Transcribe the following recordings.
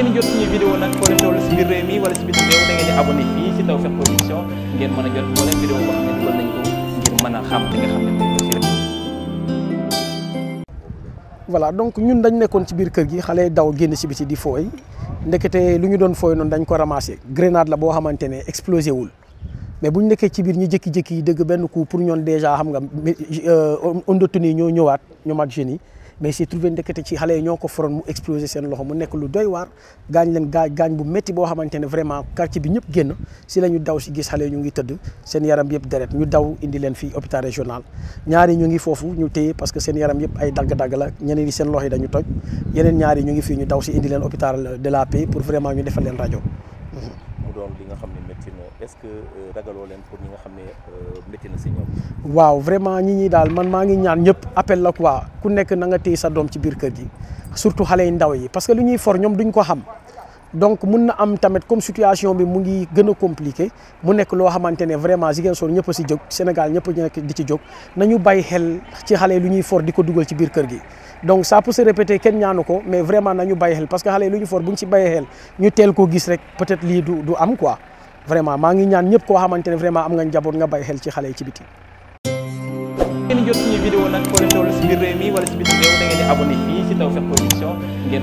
ngeen jot suñu voilà donc ñun dañ nekkoon ci biir kër gi xale daw génn si biti di fooy ndekete lu ñu doon fooy noon dañ ko ramassé grenade la boo xamante ne wul mais bu ñu nekkee ci biir ñu jëkki jékki yi dëgg benn ku pour ñoon déjà xam nga euh, ondatuni ñoo ñëwaat ñoom ak jeunes mais c'est trouvé ndekete ci xale yi ñoo ko foroon mu explosé seen loxo mu nekk lu doy waar gaañ leen gaañ gaañ bu métti boo xamante ne vraiment quartier bi ñëpp génn si la ñu daw si gis xale yi ñu ngi tëdd seen yaram yëpp deret ñu daw indi leen fi hôpital régional ñaari ñu ngi foofu ñu téye parce que seen yaram yëpp ay dagg-dagg la ñeneen yi seen loxo yi dañu toj yeneen ñaari ñu ngi fii ñu daw si indi leen hôpital de la paix pour vraiment ñu defal leen rajo mu doon li nga xam ne métti na est-ce que euh, ragaloo leen pour ñi nga xam ne euh, métti na si ñoom. waaw vraiment ñi ñi daal man maa ngi ñaan ñëpp appel la quoi ku nekk na nga téye sa doom ci biir kër yi surtout xale yu ndaw yi parce que lu ñuy for ñoom duñ ko xam. donc mun na am tamit comme situation bi mu ngi gën a compliqué mu nekk loo xamante ne vraiment Ziguinchor ñëpp si jóg Sénégal ñëpp di ci jóg nañu bàyyi xel ci xale lu ñuy for di ko dugal ci biir kër gi donc ça peut se répéter kenn ñaanu ko mais vraiment nañu bàyyi xel parce que xale lu ñu for bu ñu si bàyyi teel koo gis rek peut-être lii du du am quoi vraiment maa ngi ñaan ñëpp koo xamante ne vraiment am nga njaboot nga bàyyi xel ci xale yi ci biti a jot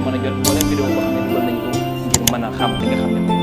moo leen vidéo boo mën a xam li nga xam ne